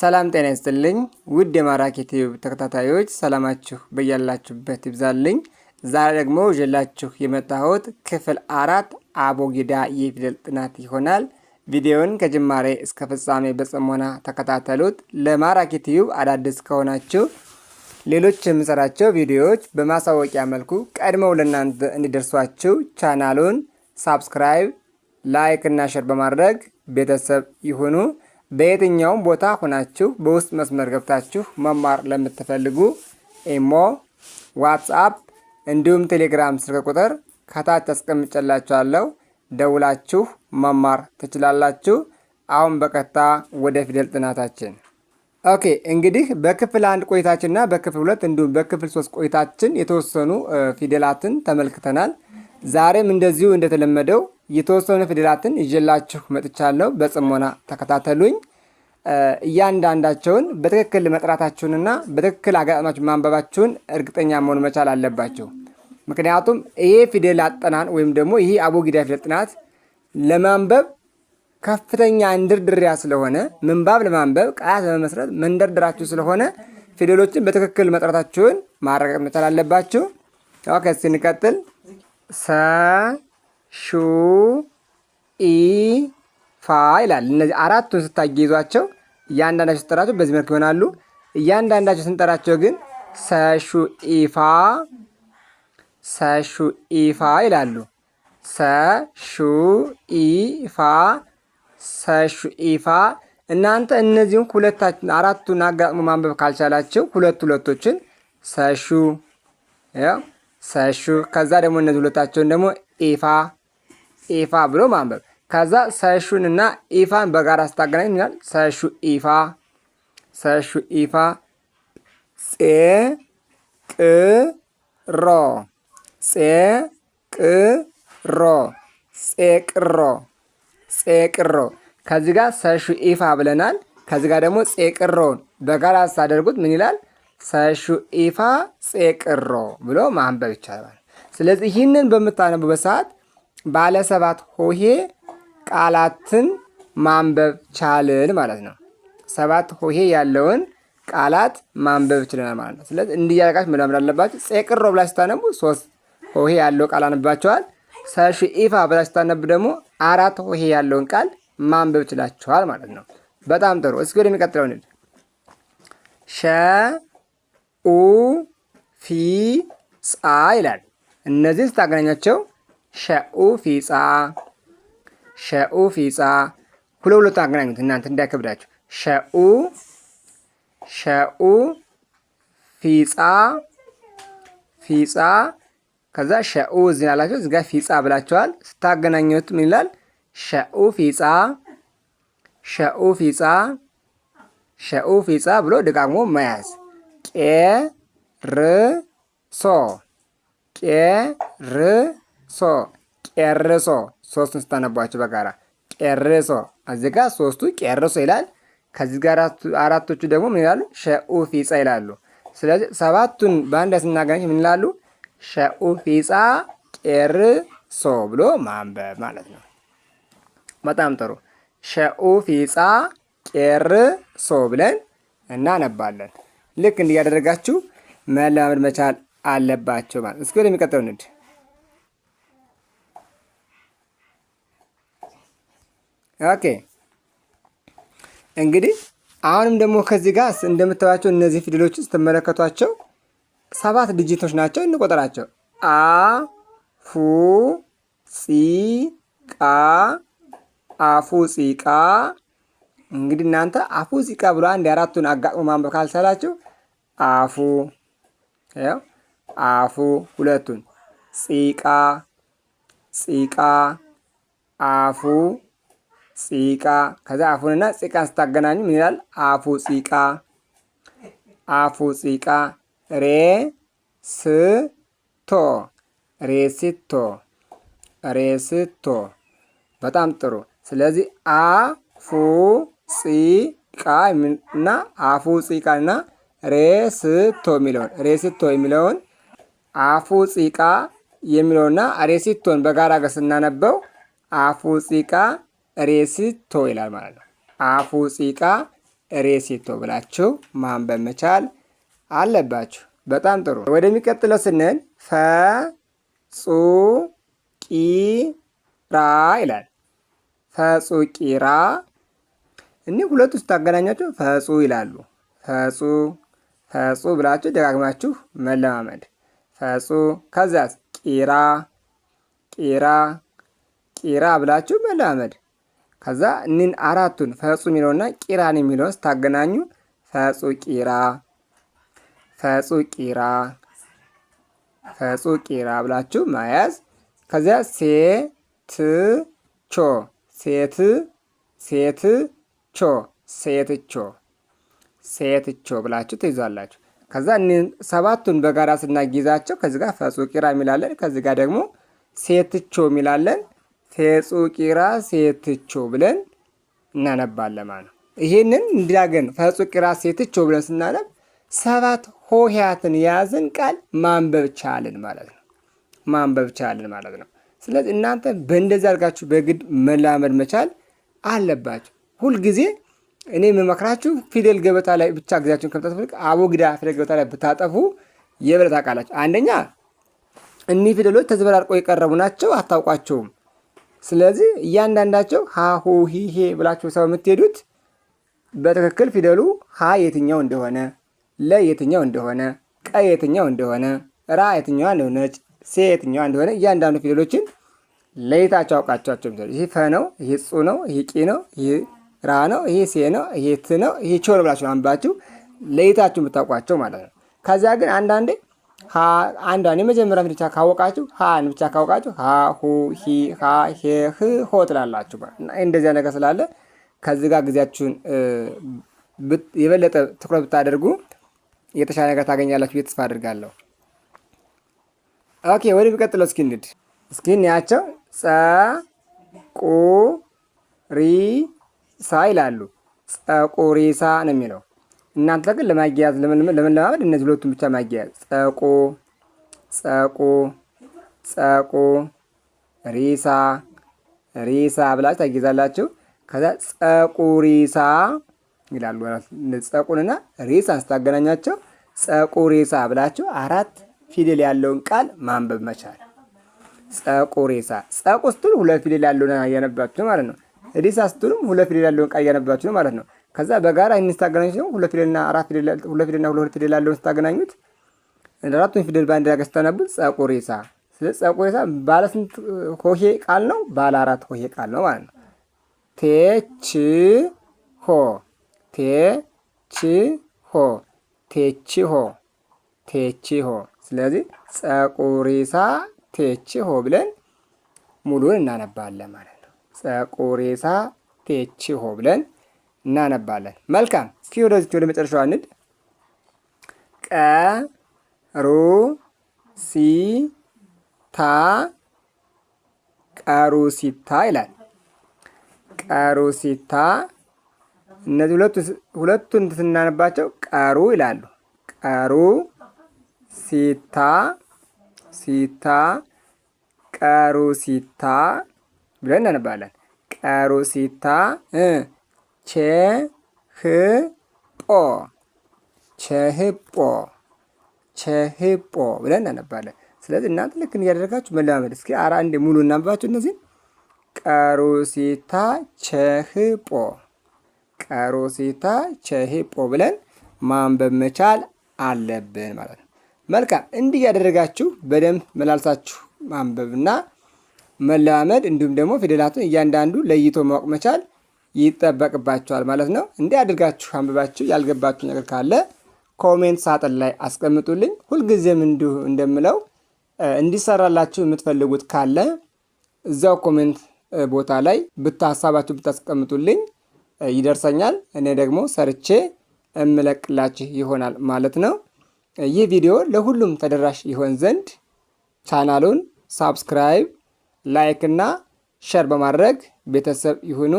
ሰላም ጤና ይስጥልኝ ውድ የማራኪ ቲዩብ ተከታታዮች ሰላማችሁ በያላችሁበት ይብዛልኝ። ዛሬ ደግሞ ይዤላችሁ የመጣሁት ክፍል አራት አቦጊዳ የፊደል ጥናት ይሆናል። ቪዲዮውን ከጅማሬ እስከ ፍጻሜ በጽሞና ተከታተሉት። ለማራኪ ቲዩብ አዳዲስ ከሆናችሁ ሌሎች የምሰራቸው ቪዲዮዎች በማሳወቂያ መልኩ ቀድመው ለእናንተ እንዲደርሷችሁ ቻናሉን ሳብስክራይብ፣ ላይክ እና ሸር በማድረግ ቤተሰብ ይሁኑ። በየትኛውም ቦታ ሆናችሁ በውስጥ መስመር ገብታችሁ መማር ለምትፈልጉ ኢሞ፣ ዋትስአፕ እንዲሁም ቴሌግራም ስልክ ቁጥር ከታች አስቀምጨላችኋለሁ። ደውላችሁ መማር ትችላላችሁ። አሁን በቀጥታ ወደ ፊደል ጥናታችን ኦኬ። እንግዲህ በክፍል አንድ ቆይታችንና በክፍል ሁለት እንዲሁም በክፍል ሶስት ቆይታችን የተወሰኑ ፊደላትን ተመልክተናል። ዛሬም እንደዚሁ እንደተለመደው የተወሰኑ ፊደላትን ይዤላችሁ መጥቻለሁ። በጽሞና ተከታተሉኝ። እያንዳንዳቸውን በትክክል መጥራታችሁንና በትክክል አጋጣሚዎች ማንበባችሁን እርግጠኛ መሆን መቻል አለባቸው። ምክንያቱም ይሄ ፊደል አጠናን ወይም ደግሞ ይሄ አቦጊዳ ፊደል ጥናት ለማንበብ ከፍተኛ እንድርድሪያ ስለሆነ ምንባብ ለማንበብ ቃላት ለመመስረት መንደርድራችሁ ስለሆነ ፊደሎችን በትክክል መጥራታችሁን ማረጋገጥ መቻል አለባችሁ። ኦኬ፣ እስኪ እንቀጥል። ሰ ሹ ኢ ፋ ይላል። እነዚህ አራቱን ስታጌዟቸው እያንዳንዳቸው ስጠራቸው በዚህ መልክ ይሆናሉ። እያንዳንዳቸው ስንጠራቸው ግን ሰሹ ኢፋ ሰሹ ኢፋ ይላሉ። ሰሹ ኢፋ ሰሹ ኢፋ። እናንተ እነዚህም ሁለታችን አራቱን አጋጥሞ ማንበብ ካልቻላቸው ሁለት ሁለቶችን ሰሹ ሰሹ ከዛ ደግሞ እነዚህ ሁለታቸውን ደግሞ ኢፋ ኢፋ ብሎ ማንበብ። ከዛ ሰሹን እና ኢፋን በጋራ ስታገናኝ ይላል ሰሹ ኢፋ ሰሹ ኢፋ ጼ ቅሮ ጼ ቅሮ። ከዚህ ጋር ሰሹ ኢፋ ብለናል። ከዚህ ጋር ደግሞ ቅሮን በጋራ ስታደርጉት ምን ይላል? ኢፋ ጼቅሮ ብሎ ማንበብ ይቻላል። ስለዚህ ይህንን በምታነቡበት ሰዓት ባለ ሰባት ሆሄ ቃላትን ማንበብ ቻልን ማለት ነው። ሰባት ሆሄ ያለውን ቃላት ማንበብ ችለናል ማለት ነው። ስለዚህ እንዲያልቃችሁ መዳመድ አለባችሁ። ጼቅሮ ብላችሁ ስታነቡ ሶስት ሆሄ ያለው ቃል ሰሹ ኢፋ ብላችሁ ስታነቡ ደግሞ አራት ሆሄ ያለውን ቃል ማንበብ ችላችኋል ማለት ነው። በጣም ጥሩ። እስኪ ወደሚቀጥለው ሸ ኡ ፊ ጻ ይላል። እነዚህን ስታገናኛቸው ሸኡ ፊ ፊጻ ሸኡ ፊ ፊጻ ሁለ ሁለቱን አገናኙት እናንተ እንዳይከብዳችሁ። ሸኡ ሸኡ ፊጻ ፊጻ ከዛ ሸኡ እዚህ አላቸው እዚጋ ጋር ፊጻ ብላቸዋል። ስታገናኙት ምን ይላል? ሸኡ ፊጻ ሸኡ ፊጻ ሸኡ ፊጻ ብሎ ደጋግሞ መያዝ ቄርሶ ቄርሶ ቄርሶ ሶስቱን ስታነቧቸው በጋራ ቄርሶ። እዚህ ጋር ሶስቱ ቄርሶ ይላል። ከዚህ ጋር አራቶቹ ደግሞ ምን ይላሉ? ሸኡፊፃ ይላሉ። ስለዚህ ሰባቱን በአንድ ላይ ስናገናኝ ምን ይላሉ? ሸኡፊፃ ቄርሶ ብሎ ማንበብ ማለት ነው። በጣም ጥሩ። ሸኡፊፃ ቄርሶ ብለን እናነባለን። ልክ እንዲያደረጋችሁ መለማመድ መቻል አለባቸው ማለት እስኪ ወደ የሚቀጥለው ንድ ኦኬ እንግዲህ አሁንም ደግሞ ከዚህ ጋር እንደምታዩቸው እነዚህ ፊደሎች ስትመለከቷቸው ሰባት ድጅቶች ናቸው። እንቆጠራቸው። አ ፉ ፂ ቃ አፉ ፂቃ። እንግዲህ እናንተ አፉ ፂቃ ብሎ አንድ አራቱን አጋጥሞ ማንበብ ካልቻላችሁ አፉ አፉ ሁለቱን ፂቃ ፂቃ አፉ ፂቃ ከዛ አፉንና ፂቃን ስታገናኙ ምን ይላል? አፉ ፂቃ አፉ ፂቃ ሬ ስቶ ሬሲቶ ሬስቶ በጣም ጥሩ። ስለዚህ አፉ ፂቃ እና አፉ ፂቃ እና ሬስቶ የሚለውን ሬስቶ የሚለውን አፉ ጺቃ የሚለውና ሬስቶን በጋራ ገ ስናነበው አፉ ጺቃ ሬስቶ ይላል ማለት ነው። አፉ ጺቃ ሬሲቶ ብላችሁ ማንበብ መቻል አለባችሁ። በጣም ጥሩ። ወደሚቀጥለው ስንል ፈጹቂራ ይላል። ፈጹቂራ እኒህ ሁለቱ ስታገናኛቸው ፈጹ ይላሉ። ፈጹ ፈጹ ብላችሁ ደጋግማችሁ መለማመድ። ፈጹ ከዚያ ቂራ ቂራ ቂራ ብላችሁ መለማመድ። ከዛ እኒን አራቱን ፈጹ የሚለውና ቂራን የሚለውን ስታገናኙ ፈጹ ቂራ ፈጹ ቂራ ፈጹ ቂራ ብላችሁ መያዝ። ከዚያ ሴትቾ ሴት ሴት ሴትቾ ሴትቾ ብላችሁ ትይዛላችሁ። ከዛ ሰባቱን በጋራ ስናጊዛቸው ከዚ ጋር ፈጹቂራ የሚላለን ከዚ ጋር ደግሞ ሴትቾ የሚላለን ፈጹቂራ ሴትቾ ብለን እናነባለን ማለት ነው። ይህንን እንዲያገን ፈጹቂራ ሴትቾ ብለን ስናነብ ሰባት ሆሄያትን የያዝን ቃል ማንበብ ቻልን ማለት ነው። ማንበብ ቻልን ማለት ነው። ስለዚህ እናንተ በእንደዚህ አድርጋችሁ በግድ መላመድ መቻል አለባችሁ ሁልጊዜ እኔ የምመክራችሁ ፊደል ገበታ ላይ ብቻ ጊዜያችሁን ከምታጠፉ አቦግዳ ፊደል ገበታ ላይ ብታጠፉ የበለጠ ታውቃላችሁ። አንደኛ እኒህ ፊደሎች ተዘበራርቆ የቀረቡ ናቸው፣ አታውቋቸውም። ስለዚህ እያንዳንዳቸው ሀሁ ሂሄ ብላችሁ ሰው የምትሄዱት በትክክል ፊደሉ ሀ የትኛው እንደሆነ፣ ለ የትኛው እንደሆነ፣ ቀ የትኛው እንደሆነ፣ ራ የትኛዋ እንደሆነች፣ ሴ የትኛዋ እንደሆነ እያንዳንዱ ፊደሎችን ለይታቸው አውቃቸዋቸው። ይህ ፈ ነው፣ ይህ ጹ ነው፣ ይህ ቂ ነው፣ ይህ ራ ነው፣ ይሄ ሴ ነው፣ ይሄ ት ነው፣ ይሄ ቾ ነው ብላችሁ አንብባችሁ ለይታችሁ የምታውቋቸው ማለት ነው። ከዚያ ግን አንዳንዴ አንዷን የመጀመሪያ ብቻ ካወቃችሁ ሀን ብቻ ካወቃችሁ ሀ ሁ ሂ ሀ ሄ ህ ሆ ትላላችሁ። እንደዚያ ነገር ስላለ ከዚህ ጋር ጊዜያችሁን የበለጠ ትኩረት ብታደርጉ የተሻለ ነገር ታገኛላችሁ ብዬ ተስፋ አድርጋለሁ። ኦኬ ወደ ሚቀጥለው እስኪ እንሂድ። እስኪ እንያቸው ጸ ቁ ሪ ሳ ይላሉ። ጸቁሪሳ ነው የሚለው። እናንተ ግን ለማያያዝ ለመለማመድ እነዚህ ሁለቱን ብቻ ማያያዝ ጸቁ ጸቁ ጸቁ ሪሳ ሪሳ ብላችሁ ታጊዛላችሁ። ከዛ ጸቁሪሳ ይላሉ። ጸቁንና ሪሳን ስታገናኛቸው ጸቁሪሳ ብላችሁ አራት ፊደል ያለውን ቃል ማንበብ መቻል። ጸቁሪሳ ጸቁ ስትል ሁለት ፊደል ያለውን ያነባችሁ ማለት ነው። ሬሳ ስትሉም ሁለት ፊደል ያለውን ቃል እያነበባችሁ ነው ማለት ነው። ከዛ በጋራ ይህን ስታገናኙ ሲሆን ሁለት ፊደልና አራት ፊደል ሁለት ፊደልና ሁለት ፊደል ያለውን ስታገናኙት አራቱን ፊደል በአንድ ላይ ስታነቡት ጸቁሬሳ። ስለ ጸቁሬሳ ጸቁ ባለ ስንት ሆሄ ቃል ነው? ባለ አራት ሆሄ ቃል ነው ማለት ነው። ቴች ሆ ቴች ሆ ቴች ሆ ቴች ሆ። ስለዚህ ጸቁሬሳ ቴች ሆ ብለን ሙሉን እናነባለን ማለት ነው። ጸቁሬሳ ቴችሆ ብለን እናነባለን። መልካም እስኪ ወደዚች ወደ መጨረሻዋ እንድ ቀሩ ሲታ ቀሩሲታ ይላል። ሲታ እነዚህ ሁለቱን ስናነባቸው ቀሩ ይላሉ። ቀሩ ሲታ ሲታ ቀሩሲታ ብለን እናነባለን። ቀሩሲታ ቼህጶ ቼህጶ ቼህጶ ብለን እናነባለን። ስለዚህ እናንተ ልክ እያደረጋችሁ መለማመድ። እስኪ አራ እንደ ሙሉ እናንባችሁ እነዚህን ቀሩሲታ ቼህጶ ቀሩሲታ ቼህጶ ብለን ማንበብ መቻል አለብን ማለት ነው። መልካም እንዲህ እያደረጋችሁ በደንብ መላልሳችሁ ማንበብና መለማመድ እንዲሁም ደግሞ ፊደላቱን እያንዳንዱ ለይቶ ማወቅ መቻል ይጠበቅባቸዋል ማለት ነው። እንዲህ አድርጋችሁ አንብባችሁ ያልገባችሁ ነገር ካለ ኮሜንት ሳጥን ላይ አስቀምጡልኝ። ሁልጊዜም እንዲሁ እንደምለው እንዲሰራላችሁ የምትፈልጉት ካለ እዚያው ኮሜንት ቦታ ላይ ብታሳባችሁ ብታስቀምጡልኝ ይደርሰኛል። እኔ ደግሞ ሰርቼ እምለቅላችሁ ይሆናል ማለት ነው። ይህ ቪዲዮ ለሁሉም ተደራሽ ይሆን ዘንድ ቻናሉን ሳብስክራይብ ላይክ እና ሸር በማድረግ ቤተሰብ ይሁኑ።